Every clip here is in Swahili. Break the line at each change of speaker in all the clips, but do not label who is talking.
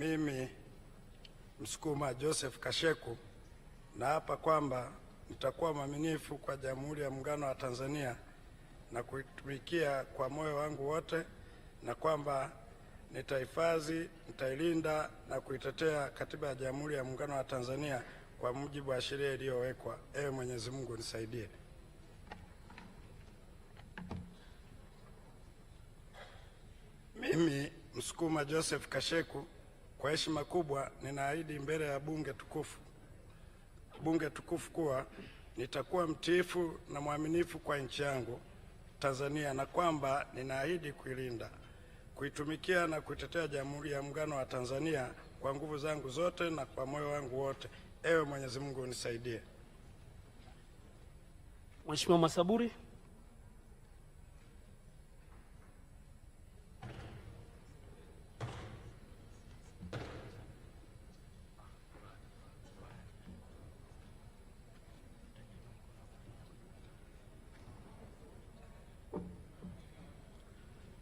Mimi Msukuma Joseph Kasheku na hapa kwamba nitakuwa mwaminifu kwa Jamhuri ya Muungano wa Tanzania na kuitumikia kwa moyo wangu wote, na kwamba nitahifadhi, nitailinda na kuitetea Katiba ya Jamhuri ya Muungano wa Tanzania kwa mujibu wa sheria iliyowekwa. Ewe Mwenyezi Mungu nisaidie.
Mimi Msukuma Joseph Kasheku kwa heshima kubwa, ninaahidi mbele ya bunge tukufu bunge tukufu kuwa nitakuwa mtiifu na mwaminifu kwa nchi yangu Tanzania na kwamba ninaahidi kuilinda, kuitumikia na kuitetea Jamhuri ya Muungano wa Tanzania kwa nguvu zangu zote na kwa moyo wangu wote. Ewe Mwenyezi Mungu unisaidie.
Mheshimiwa Masaburi.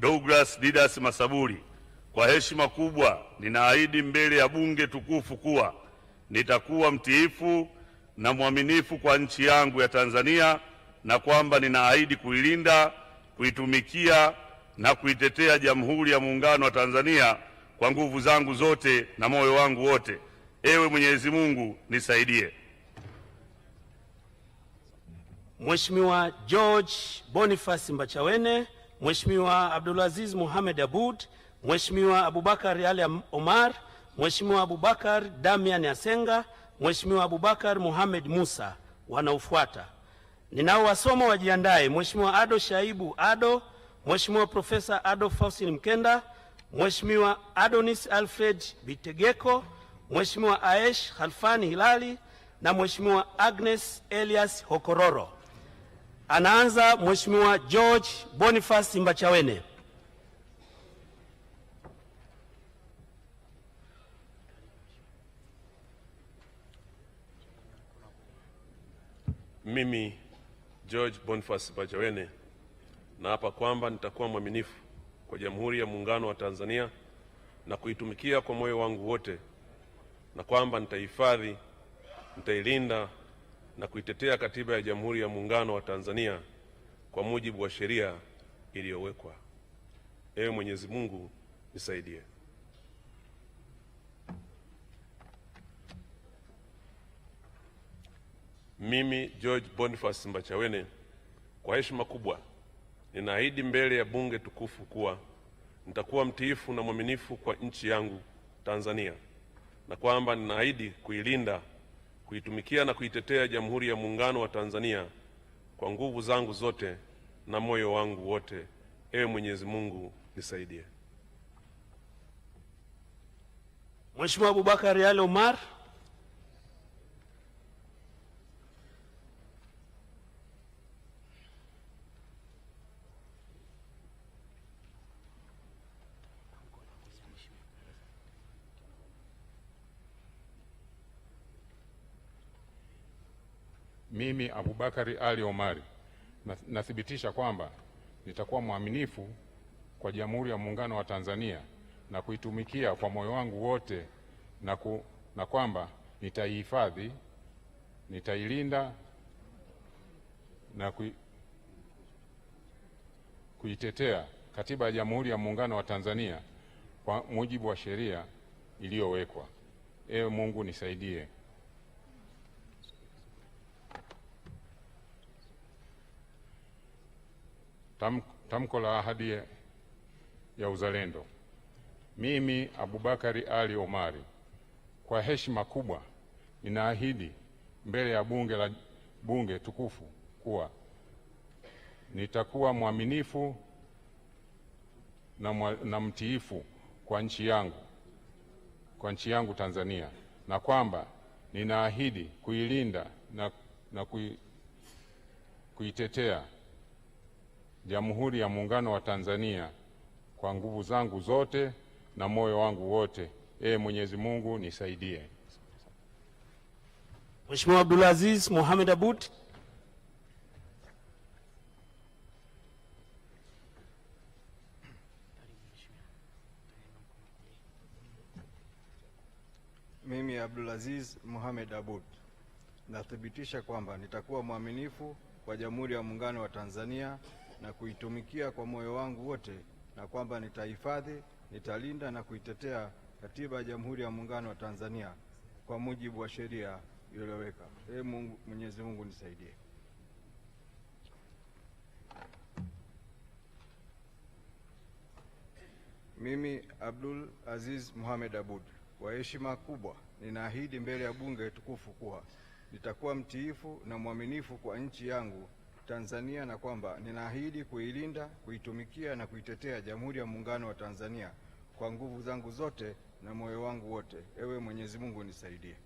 Douglas Didas Masaburi, kwa heshima kubwa ninaahidi mbele ya bunge tukufu kuwa nitakuwa mtiifu na mwaminifu kwa nchi yangu ya Tanzania na kwamba ninaahidi kuilinda, kuitumikia na kuitetea Jamhuri ya Muungano wa Tanzania kwa nguvu zangu zote na moyo wangu wote. Ewe Mwenyezi Mungu nisaidie.
Mheshimiwa George Boniface Mbachawene Mheshimiwa Abdulaziz Mohamed abud Mheshimiwa Abubakar Ali Omar, Mheshimiwa Abubakar Damian Asenga, Mheshimiwa Abubakar Mohamed Musa. Wanaofuata ninaowasoma wajiandae: Mheshimiwa Ado Shaibu Ado, Mheshimiwa Profesa Ado Faustin Mkenda, Mheshimiwa Adonis Alfred Bitegeko, Mheshimiwa Aesh Khalfani Hilali na Mheshimiwa Agnes Elias Hokororo. Anaanza Mheshimiwa George Boniface Mbachawene.
Mimi George Boniface Mbachawene naapa kwamba nitakuwa mwaminifu kwa Jamhuri ya Muungano wa Tanzania na kuitumikia kwa moyo wangu wote na kwamba nitaihifadhi, nitailinda na kuitetea Katiba ya Jamhuri ya Muungano wa Tanzania kwa mujibu wa sheria iliyowekwa. Ewe Mwenyezi Mungu nisaidie.
Mimi George Boniface Mbachawene kwa heshima kubwa ninaahidi mbele ya bunge tukufu kuwa nitakuwa mtiifu na mwaminifu kwa nchi yangu Tanzania na kwamba ninaahidi kuilinda kuitumikia na kuitetea Jamhuri ya Muungano wa Tanzania kwa nguvu zangu zote na moyo wangu wote. Ewe Mwenyezi Mungu nisaidie.
Mheshimiwa Abubakari Ali Omar
Mimi Abubakari Ali Omari nathibitisha kwamba nitakuwa mwaminifu kwa Jamhuri ya Muungano wa Tanzania na kuitumikia kwa moyo wangu wote na, ku, na kwamba nitaihifadhi, nitailinda na kui, kuitetea Katiba ya Jamhuri ya Muungano wa Tanzania kwa mujibu wa sheria iliyowekwa. Ewe Mungu nisaidie.
tam, tamko la ahadi ya uzalendo. Mimi Abubakari Ali Omari kwa heshima kubwa ninaahidi mbele ya bunge la bunge tukufu kuwa nitakuwa mwaminifu na, mwa, na mtiifu kwa nchi yangu, kwa nchi yangu Tanzania na kwamba ninaahidi kuilinda na, na kui, kuitetea Jamhuri ya Muungano wa Tanzania kwa nguvu zangu zote na moyo wangu wote. Ee Mwenyezi Mungu nisaidie.
Mheshimiwa Abdulaziz Mohamed Abud.
Mimi Abdulaziz Mohamed Abud nathibitisha kwamba nitakuwa mwaminifu kwa Jamhuri ya Muungano wa Tanzania na kuitumikia kwa moyo wangu wote na kwamba nitahifadhi, nitalinda na kuitetea Katiba ya Jamhuri ya Muungano wa Tanzania kwa mujibu wa sheria iliyoweka. Ee Mungu, Mwenyezi Mungu nisaidie.
Mimi Abdul Aziz Muhammad Abud, kwa heshima kubwa ninaahidi mbele ya Bunge tukufu kuwa nitakuwa mtiifu na mwaminifu kwa nchi yangu Tanzania na kwamba ninaahidi kuilinda, kuitumikia na kuitetea Jamhuri ya Muungano wa Tanzania kwa nguvu zangu zote na moyo wangu wote. Ewe Mwenyezi Mungu nisaidie.